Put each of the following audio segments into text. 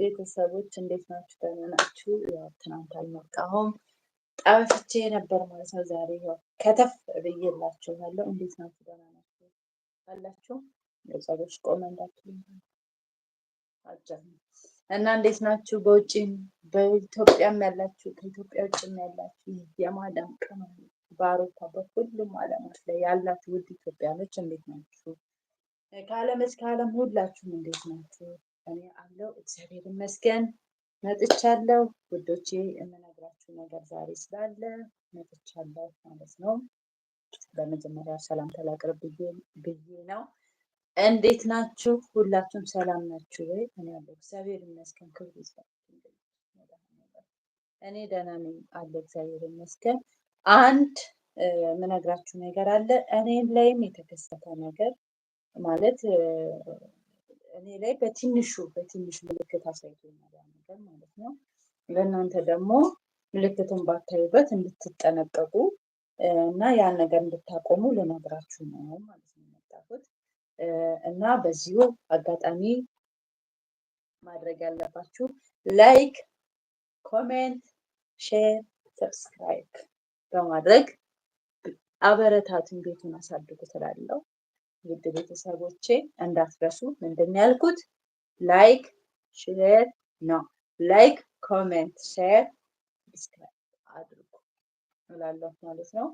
ቤተሰቦች እንዴት ናችሁ? ደህና ናችሁ? ያው ትናንት አልመጣሁም ጠፍቼ ነበር ማለት ነው። ዛሬ ያው ከተፍ ብዬላችኋለሁ። እንዴት ናችሁ? ደህና ናችሁ አላችሁ? ቤተሰቦች ቆመ እንዳትሉኝ አጭር ነው እና እንዴት ናችሁ? በውጭም በኢትዮጵያም ያላችሁ ከኢትዮጵያ ውጭም ያላችሁ የማዳም ቅመም በአውሮፓ በሁሉም ዓለማት ላይ ያላችሁ ውድ ኢትዮጵያኖች እንዴት ናችሁ? ከዓለም እስከ ዓለም ሁላችሁም እንዴት ናችሁ? እኔ አለው እግዚአብሔር ይመስገን መጥቻለሁ። ውዶቼ የምነግራችሁ ነገር ዛሬ ስላለ መጥቻለሁ ማለት ነው። በመጀመሪያ ሰላም ላቅርብ ብዬ ነው። እንዴት ናችሁ? ሁላችሁም ሰላም ናችሁ ወይ? እኔ አለው እግዚአብሔር ይመስገን። ክብር እኔ ደህና ነኝ አለው እግዚአብሔር ይመስገን። አንድ የምነግራችሁ ነገር አለ። እኔም ላይም የተከሰተ ነገር ማለት እኔ ላይ በትንሹ በትንሹ ምልክት አሳይቶኛል ነገር ማለት ነው። ለእናንተ ደግሞ ምልክቱን ባታዩበት እንድትጠነቀቁ እና ያን ነገር እንድታቆሙ ልነግራችሁ ነው ማለት ነው የመጣሁት እና በዚሁ አጋጣሚ ማድረግ ያለባችሁ ላይክ፣ ኮሜንት፣ ሼር፣ ሰብስክራይብ በማድረግ አበረታቱን፣ ቤቱን አሳድጉ ትላለው። ውድ ቤተሰቦቼ እንዳትረሱ ምንድን ያልኩት ላይክ ሼር ነው። ላይክ ኮሜንት ሼር ሰብስክራይብ አድርጉ እላለሁ ማለት ነው።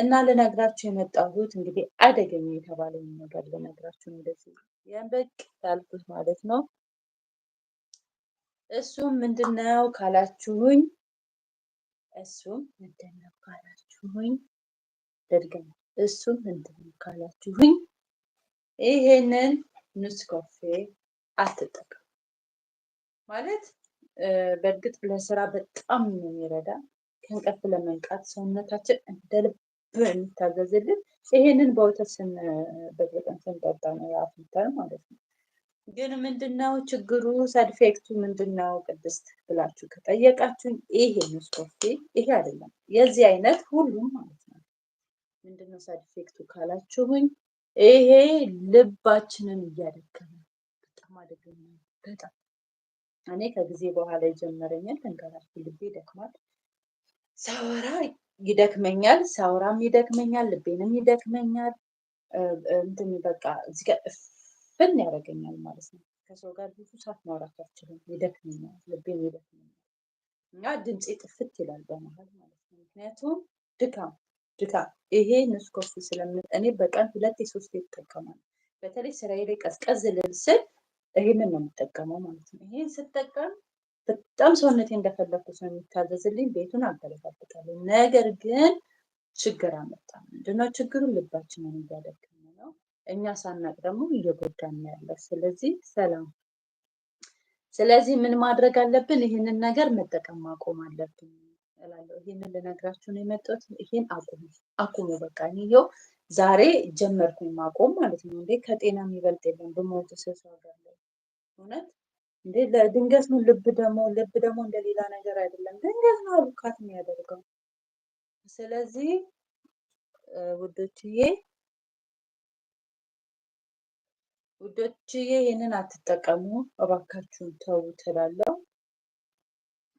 እና ልነግራችሁ የመጣሁት እንግዲህ አደገኛ የተባለው ነገር ልነግራችሁ እንደዚህ የንበቅ ያልኩት ማለት ነው። እሱም ምንድነው ካላችሁኝ እሱም ምንድነው ካላችሁኝ ደግመን እሱም ምንድነው ካላችሁኝ ይሄንን ኮፌ አትጠቀም ማለት በእርግጥ ለስራ በጣም ነው የሚረዳ ከእንቅልፍ ለመንቃት ሰውነታችን እንደ ልብ የሚታዘዝልን ይሄንን በወተት በቀን ስንጠጣ ነው የአፍልተን ማለት ነው። ግን ምንድነው ችግሩ? ሳድፌክቱ ምንድነው? ቅድስት ብላችሁ ከጠየቃችሁኝ ይሄ ንስኮፌ ይሄ አይደለም፣ የዚህ አይነት ሁሉም ማለት ነው። ምንድነው ሳድፌክቱ ካላችሁኝ ይሄ ልባችንን እያደከመ በጣም አደገኛ በጣም እኔ ከጊዜ በኋላ የጀመረኛል ተንከራፊ ልቤ ይደክማል። ሳወራ ይደክመኛል፣ ሳውራም ይደክመኛል፣ ልቤንም ይደክመኛል። እንትን በቃ እዚህ ጋር እፍን ያደርገኛል ማለት ነው። ከሰው ጋር ብዙ ሰዓት ማውራት አልችልም፣ ይደክመኛል፣ ልቤን ይደክመኛል እና ድምፄ ጥፍት ይላል በመሀል ማለት ነው። ምክንያቱም ድካም ድካም ይሄ ንስኮፊ ስለምን እኔ በቀን ሁለት የሶስት ይጠቀማል። በተለይ ስራዬ ላይ ቀዝቀዝ ልል ስል ይሄንን ነው የምጠቀመው ማለት ነው። ይሄን ስጠቀም በጣም ሰውነቴ እንደፈለግኩ ነው የሚታዘዝልኝ። ቤቱን አገለባበታለሁ። ነገር ግን ችግር አመጣ። ምንድነው ችግሩ? ልባችንን እያደከመ ነው፣ እኛ ሳናቅ ደግሞ እየጎዳን ያለ። ስለዚህ ሰላም ስለዚህ ምን ማድረግ አለብን? ይህንን ነገር መጠቀም ማቆም አለብን። እላለሁ። ይህንን ልነግራችሁ ነው የመጣሁት። ይህን አቁሙ አቁሙ፣ በቃ እኔየው ዛሬ ጀመርኩኝ ማቆም ማለት ነው። እንዴ ከጤና የሚበልጥ የለም። ብሞት ስሱ ሀገር ላይ እውነት እንዴ ለድንገት ነው። ልብ ደግሞ ልብ ደግሞ እንደሌላ ነገር አይደለም። ድንገት ነው አቡካት የሚያደርገው። ስለዚህ ውዶችዬ ውዶችዬ ይህንን አትጠቀሙ እባካችሁን ተው ትላለው።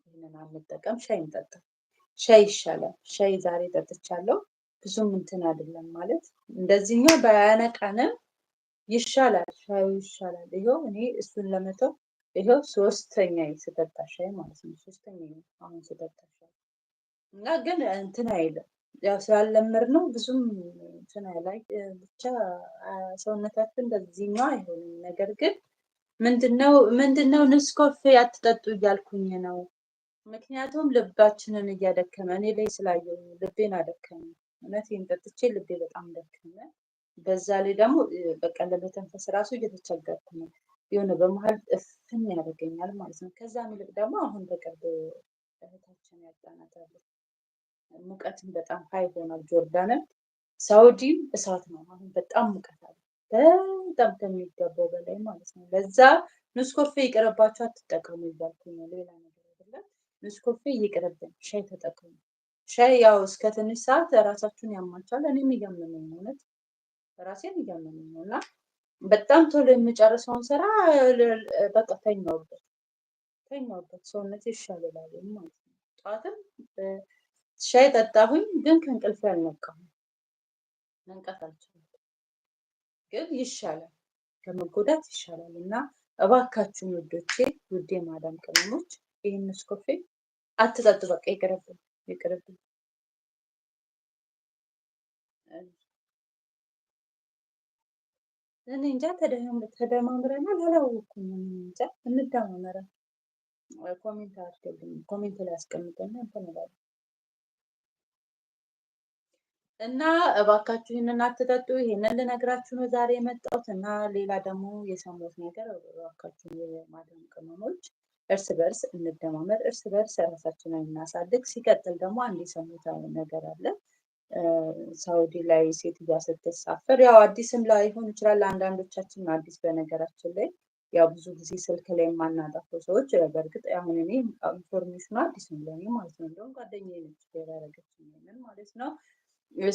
ይህንን አንጠቀም፣ ሻይ እንጠጣ። ሻይ ይሻላል። ሻይ ዛሬ ጠጥቻለሁ ብዙም እንትን አይደለም ማለት እንደዚህኛው ባያነቃንም ይሻላል፣ ሻዩ ይሻላል። ይኸው እኔ እሱን ለመተው ይኸው ሶስተኛ ስጠጣ ሻይ ማለት ነው። ሶስተኛ አሁን ስጠጣ ሻይ እና ግን እንትን አይልም ያው ስላለምር ነው ብዙም እንትን አይላይ ብቻ ሰውነታችን እንደዚህኛው አይሆንም። ነገር ግን ምንድነው ምንድነው ንስኮፌ አትጠጡ እያልኩኝ ነው ምክንያቱም ልባችንን እያደከመ እኔ ላይ ስላየው ልቤን አደከመ። እውነቴን ጠጥቼ ልቤ በጣም ደከመ። በዛ ላይ ደግሞ በቃ ለመተንፈስ ራሱ እየተቸገርኩ ነው። የሆነ በመሀል እፍን ያደርገኛል ማለት ነው። ከዛ ይልቅ ደግሞ አሁን በቅርብ እህታችን ያጣናታለች። ሙቀትን በጣም ሀይ ሆኗል። ጆርዳንም ሳውዲም እሳት ነው። አሁን በጣም ሙቀት አለ፣ በጣም ከሚገባው በላይ ማለት ነው። ለዛ ንስኮፌ ይቅርባቸው፣ አትጠቀሙ ይባልኩኝ ሌላ ነው ኔስኮፌ ይቅርብን፣ ሻይ ተጠቀሙ። ሻይ ያው እስከ ትንሽ ሰዓት ራሳችሁን ያማቻል። እኔም እያመመኝ እውነት ራሴን እያመመኝ ነው እና በጣም ቶሎ የምጨርሰውን ስራ በቃ ተኛውበት ተኛውበት ሰውነት ይሻልላል ማለት ነው። ጠዋትም ሻይ ጠጣሁኝ፣ ግን ከእንቅልፍ ያልነቃሁ መንቀት አልችልም፣ ግን ይሻላል፣ ከመጎዳት ይሻላል እና እባካችሁን ውዶቼ፣ ውዴ ማዳም ቅመሞች ይህን ስኮፌ አትጠጡ። በቃ ይቅርብን ይቅርብን። እኔ እንጃ ተደማምረናል፣ አላወኩም። እንጃ እንደማመረ ኮሜንት አድርገልኝ፣ ኮሜንት ላይ አስቀምጠና እንትን እላለሁ እና እባካችሁ ይህንን አትጠጡ። ይህንን ልነግራችሁ ነው ዛሬ የመጣሁት እና ሌላ ደግሞ የሰሙት ነገር እባካችሁ የማዳም ቅመሞች እርስ በርስ እንደማመር፣ እርስ በርስ ራሳችንን እናሳድግ። ሲቀጥል ደግሞ አንድ የሰሙታዊ ነገር አለ። ሳውዲ ላይ ሴትዮዋ ስትሳፈር ያው አዲስም ላይሆን ይችላል። አንዳንዶቻችን አዲስ በነገራችን ላይ ያው ብዙ ጊዜ ስልክ ላይ የማናጣቸው ሰዎች በእርግጥ አሁን እኔ ኢንፎርሜሽኑ አዲስ ነው ለእኔ ማለት ነው። እንደውም ጓደኛ ያደረገች ማለት ነው።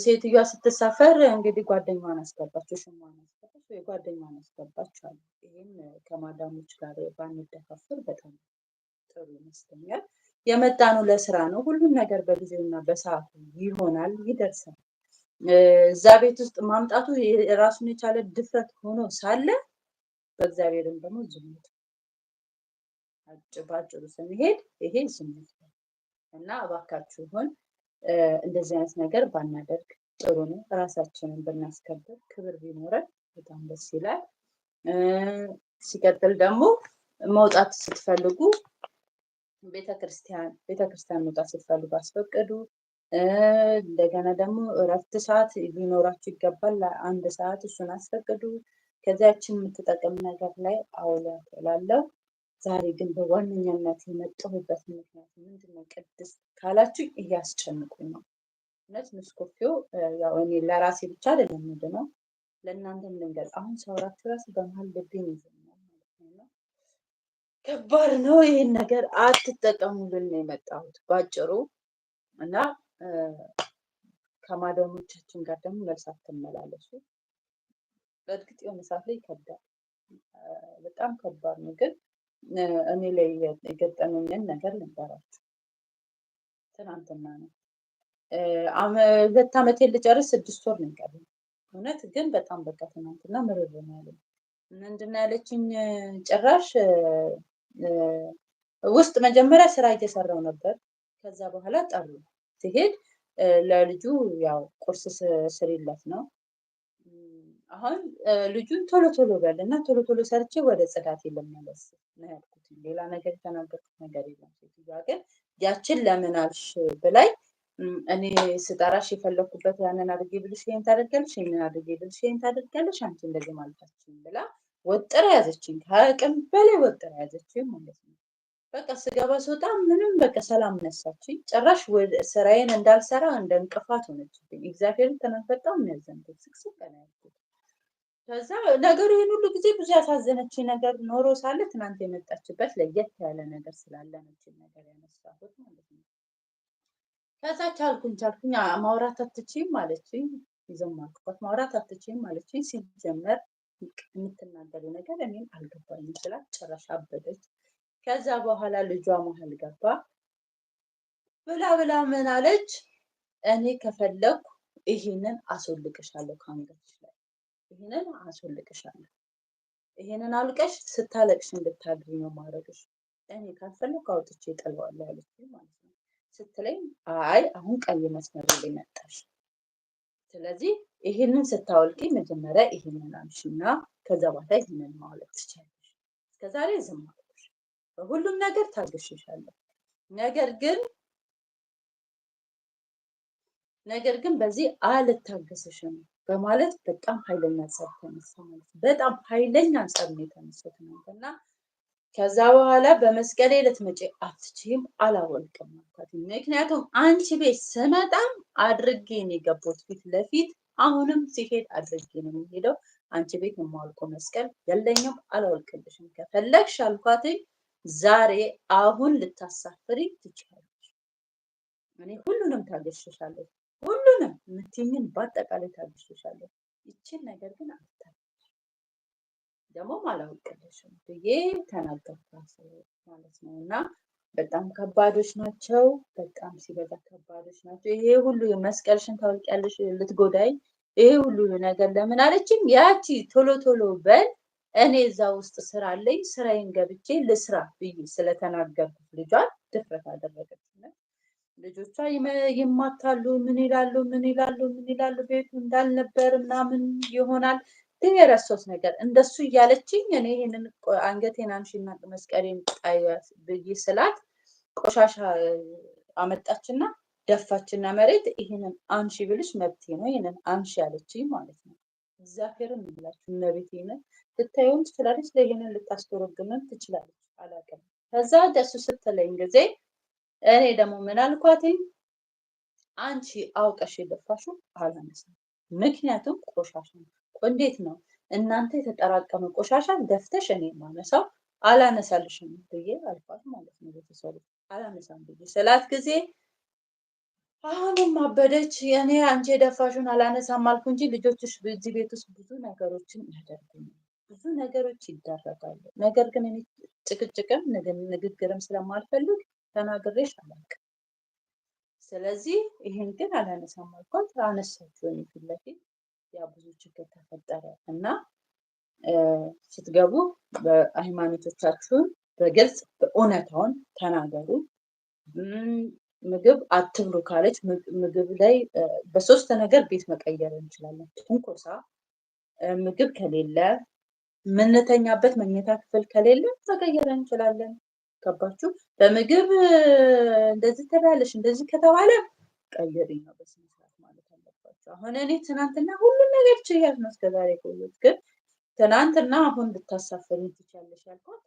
ሴትዮዋ ስትሳፈር እንግዲህ ጓደኛዋን አስገባቸው ነው አድርጋችሁ የጓደኛን አስገባችኋል። ይህም ከማዳሞች ጋር ባንደፋፈር በጣም ጥሩ ይመስለኛል። የመጣኑ ለስራ ነው። ሁሉም ነገር በጊዜውና በሰዓቱ ይሆናል፣ ይደርሳል። እዛ ቤት ውስጥ ማምጣቱ የራሱን የቻለ ድፍረት ሆኖ ሳለ በእግዚአብሔርም ደግሞ ዝሙት በአጭሩ ስንሄድ ይሄ ዝሙት ነው እና ይሆን እንደዚህ አይነት ነገር ባናደርግ ጥሩ ነው። ራሳችንን ብናስከብር ክብር ቢኖረን በጣም ደስ ይላል። ሲቀጥል ደግሞ መውጣት ስትፈልጉ ቤተክርስቲያን ቤተክርስቲያን መውጣት ስትፈልጉ አስፈቅዱ። እንደገና ደግሞ እረፍት ሰዓት ሊኖራችሁ ይገባል። አንድ ሰዓት እሱን አስፈቅዱ። ከዚያችን የምትጠቅም ነገር ላይ አውሏት እላለሁ። ዛሬ ግን በዋነኛነት የመጣሁበት ምክንያት ምንድን ነው? ቅድስት ካላችሁ እያስጨንቁኝ ነው። እውነት ምስኮፊው ያው እኔ ለራሴ ብቻ አይደለም ምንድን ነው ለእናንተም ልንገጽ። አሁን ሰውራት ራሱ በመሀል ልቤን ይዘኛል ማለት ነው። ከባድ ነው። ይህን ነገር አትጠቀሙልን ነው የመጣሁት ባጭሩ እና ከማዳሞቻችን ጋር ደግሞ መልስ አትመላለሱ። በእርግጥ የሆነ ሰዓት ላይ ይከብዳል፣ በጣም ከባድ ነው። ግን እኔ ላይ የገጠመኝን ነገር ልንገራችሁ። ትናንትና ነው ሁለት ዓመቴን ልጨርስ ስድስት ወር ነው የቀረኝ። እውነት ግን በጣም በቃ ትናንትና ምርር ነው ያለ ምንድን ነው ያለችኝ ጭራሽ ውስጥ መጀመሪያ ስራ እየሰራው ነበር። ከዛ በኋላ ጠሩ ሲሄድ ለልጁ ያው ቁርስ ስሪለት ነው። አሁን ልጁን ቶሎ ቶሎ በል እና ቶሎ ቶሎ ሰርቼ ወደ ጽዳት ልመለስ ነው ያልኩት። ሌላ ነገር የተናገርኩት ነገር የለም። ሴትዮዋ ግን ያችን ለምን አልሽ ብላኝ እኔ ስጠራሽ የፈለግኩበት ያንን አድርጌ ብልሽ ይሄን ታደርጊያለሽ፣ ይሄንን አድርጌ ብልሽ ይሄን ታደርጊያለሽ፣ አንቺ እንደዚህ ማለታችን ብላ ወጥራ ያዘችኝ። ከአቅም በላይ ወጥራ ያዘችኝ ማለት ነው። በቃ ስገባ ስወጣ ምንም በቃ ሰላም ነሳችኝ። ጭራሽ ስራዬን እንዳልሰራ እንደ እንቅፋት ሆነችብኝ። እግዚአብሔርን ተመፈጣም ያዘንኩ ስቅስቅ ያልኩት ከዛ ነገሩ ይህን ሁሉ ጊዜ ብዙ ያሳዘነች ነገር ኖሮ ሳለ ትናንት የመጣችበት ለየት ያለ ነገር ስላለ ነችን ነገር ያነሳሁት ማለት ነው። ከዛ ቻልኩኝ ቻልኩኝ ማውራት አትችይም አለችኝ። የዘማልኩበት ማውራት አትችይም አለችኝ። ሲጀመር የምትናገሩ ነገር እኔም አልገባኝም ስላት ጭራሽ አበደች። ከዛ በኋላ ልጇ መሀል ገባ ብላ ብላ ምን አለች? እኔ ከፈለግኩ ይሄንን አስወልቅሻለሁ፣ ከአንገትሽ ላይ ይሄንን አስወልቅሻለሁ፣ ይሄንን አልቀሽ ስታለቅሽ እንድታድሪ ነው ማድረግሽ። እኔ ካልፈለግኩ አውጥቼ እጥለዋለሁ አለችኝ ማለት ነው። ስትለኝ አይ አሁን ቀይ መስመር ላይ መጣሽ። ስለዚህ ይህንን ስታወልቂ መጀመሪያ ይህንን እና ከዛ በኋላ ይህንን ማውለቅ ትችላለሽ። እስከዛሬ ዝም አልኩሽ፣ በሁሉም ነገር ታግሽሻለሁ። ነገር ግን ነገር ግን በዚህ አልታገስሽም በማለት በጣም ኃይለኛ ጸብ ተነሳ ማለት በጣም ኃይለኛ ጸብ ነው የተነሱት እና ከዛ በኋላ በመስቀሌ ልትመጪ አትችይም፣ አላወልቅም አልኳት። ምክንያቱም አንቺ ቤት ስመጣም አድርጌ ነው የገባሁት ፊት ለፊት፣ አሁንም ሲሄድ አድርጌ ነው የሚሄደው። አንቺ ቤት የማወልቆ መስቀል የለኝም፣ አላወልቅልሽም። ከፈለግሽ አልኳትኝ፣ ዛሬ አሁን ልታሳፍሪ ትችላለች። እኔ ሁሉንም ታገሽሻለሁ፣ ሁሉንም ምትኝን በአጠቃላይ ታገሽሻለሁ። ይችን ነገር ግን አታ ደግሞ አላውቅልሽም ብዬ ተናገርኳት ማለት ነው። እና በጣም ከባዶች ናቸው፣ በጣም ሲበዛ ከባዶች ናቸው። ይሄ ሁሉ መስቀልሽን ታወቂያለሽ ልትጎዳይ፣ ይሄ ሁሉ ነገር ለምን አለችኝ። ያቺ ቶሎ ቶሎ በል እኔ እዛ ውስጥ ስራ አለኝ ስራዬን ገብቼ ልስራ ብዬ ስለተናገርኩት ልጇን ድፍረት አደረገች። ልጆቿ ይማታሉ፣ ምን ይላሉ፣ ምን ይላሉ፣ ምን ይላሉ፣ ቤቱ እንዳልነበር ምናምን ይሆናል ግን የረሶት ነገር እንደሱ እያለችኝ እኔ ይህንን አንገቴን አንሺና መስቀሌን ብይ ስላት ቆሻሻ አመጣችና ደፋችና መሬት ይህንን አንሺ ብልሽ መብቴ ነው፣ ይህንን አንሺ አለችኝ ማለት ነው። እግዚአብሔርን የምላችሁ እመቤቴን ልታየውም ትችላለች፣ ለይህንን ልታስተረጉምም ትችላለች፣ አላውቅም። ከዛ ደሱ ስትለኝ ጊዜ እኔ ደግሞ ምን አልኳትኝ? አንቺ አውቀሽ የደፋሽው አላነሳም፣ ምክንያቱም ቆሻሻ ነው እንዴት ነው እናንተ የተጠራቀመ ቆሻሻ ደፍተሽ እኔ ማነሳው አላነሳልሽም ብዬ አልኳት ማለት ነው። ቤተሰቡ አላነሳም ብዬ ስላት ጊዜ አሁንም አበደች። እኔ አንቺ የደፋሹን አላነሳም አልኩ እንጂ ልጆችሽ እዚህ ቤት ውስጥ ብዙ ነገሮችን ያደርጉኛል፣ ብዙ ነገሮች ይዳረጋሉ። ነገር ግን እኔ ጭቅጭቅም ንግግርም ስለማልፈልግ ተናግሬሽ አላውቅም። ስለዚህ ይህን ግን አላነሳም አልኳት። አነሳችሁ ፊት ለፊት ያ ብዙ ችግር ተፈጠረ እና ስትገቡ በሃይማኖቶቻችሁን በግልጽ በእውነታውን ተናገሩ። ምግብ አትብሉ ካለች ምግብ ላይ በሶስት ነገር ቤት መቀየር እንችላለን። ትንኮሳ፣ ምግብ ከሌለ፣ ምንተኛበት መኝታ ክፍል ከሌለ መቀየር እንችላለን። ገባችሁ? በምግብ እንደዚህ ተባለሽ እንደዚህ ከተባለ ቀይሪ ነው። አሁን እኔ ትናንትና ሁሉም ነገር ችያት ነው እስከዛሬ ቆየት ግን ትናንትና አሁን ልታሳፈሪ ትቻለሽ ያልኳት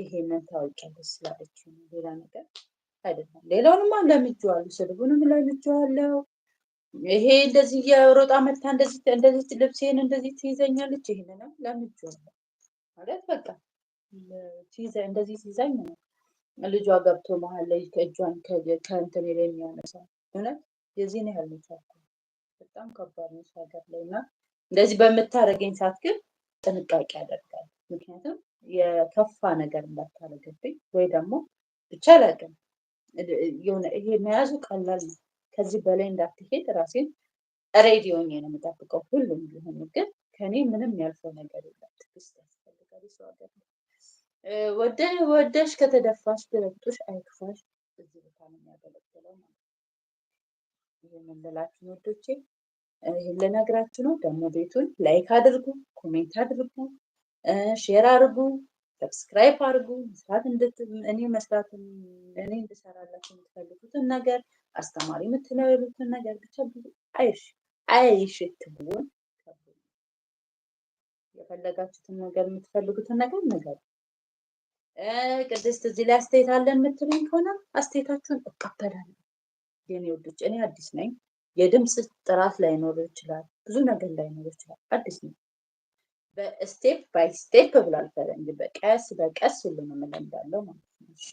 ይሄንን ታወቂያለሽ ስላለች ሌላ ነገር አይደለም። ሌላውንማ ለምጄዋለሁ፣ ስድቡንም ለምጄዋለሁ። ይሄ እንደዚህ የሮጣ መታ እንደዚህ ልብሴን እንደዚህ ትይዘኛለች፣ ይሄንንም ለምጄዋለሁ ማለት በቃ እንደዚህ ትይዛኝ ነው። ልጇ ገብቶ መሀል ላይ ከእጇን ከእንትን የሚያነሳ እውነት የዚህን ያህል ነው። በጣም ከባድ ነው ሀገር ላይ እና እንደዚህ በምታደርገኝ ሰዓት ግን ጥንቃቄ ያደርጋል። ምክንያቱም የከፋ ነገር እንዳታደርግብኝ ወይ ደግሞ ብቻ ላቅም የሆነ ይሄ መያዙ ቀላል ነው። ከዚህ በላይ እንዳትሄድ ራሴን ሬዲ ነው የምጠብቀው። ሁሉም ቢሆኑ ግን ከኔ ምንም ያልፈው ነገር የለም። ትዕግስት ያስፈልጋል። ሰው ሀገር ወደ ወደሽ ከተደፋሽ ብረግጦሽ አይክፋሽ። እዚህ ቦታ ነው የሚያገለግለው ማለት ነው። ይህ ምንላችሁ ወዶቼ ይህን ልነግራችሁ ነው። ደግሞ ቤቱን ላይክ አድርጉ፣ ኮሜንት አድርጉ፣ ሼር አድርጉ፣ ሰብስክራይብ አድርጉ። መስራት እኔ መስራት እኔ እንድሰራላችሁ የምትፈልጉትን ነገር አስተማሪ የምትለሉትን ነገር ብቻ ብዙ አይሽ አይሽ ትቡን የፈለጋችሁትን ነገር የምትፈልጉትን ነገር ነገር ቅድስት እዚህ ላይ አስተያየት አለን የምትሉኝ ከሆነ አስተያየታችሁን እቀበላለሁ። የኔ ወዶች እኔ አዲስ ነኝ። የድምፅ ጥራት ላይኖረው ይችላል። ብዙ ነገር ላይኖረው ይችላል። አዲስ ነው። በስቴፕ ባይ ስቴፕ ብሏል ፈረንጅ። በቀስ በቀስ ሁሉንም እለምዳለሁ ማለት ነው። እሺ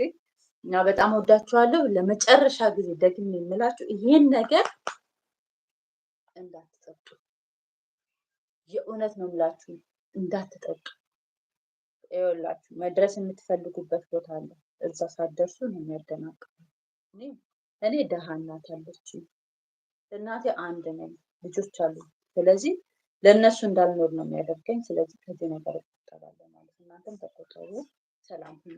እና በጣም ወዳችኋለሁ። ለመጨረሻ ጊዜ ደግሜ የምላችሁ ይሄን ነገር እንዳትጠጡ፣ የእውነት ነው የምላችሁ እንዳትጠጡ። ይኸውላችሁ መድረስ የምትፈልጉበት ቦታ አለ። እዛ ሳትደርሱ ነው የሚያደናቅፉ። እኔ ደሃ እናት አለችኝ እናቴ አንድ ነኝ፣ ልጆች አሉ። ስለዚህ ለእነሱ እንዳልኖር ነው የሚያደርገኝ። ስለዚህ ከዚህ ነገር እቆጠባለሁ ማለት እናንተም ተቆጠቡ። ሰላም ሁኑ።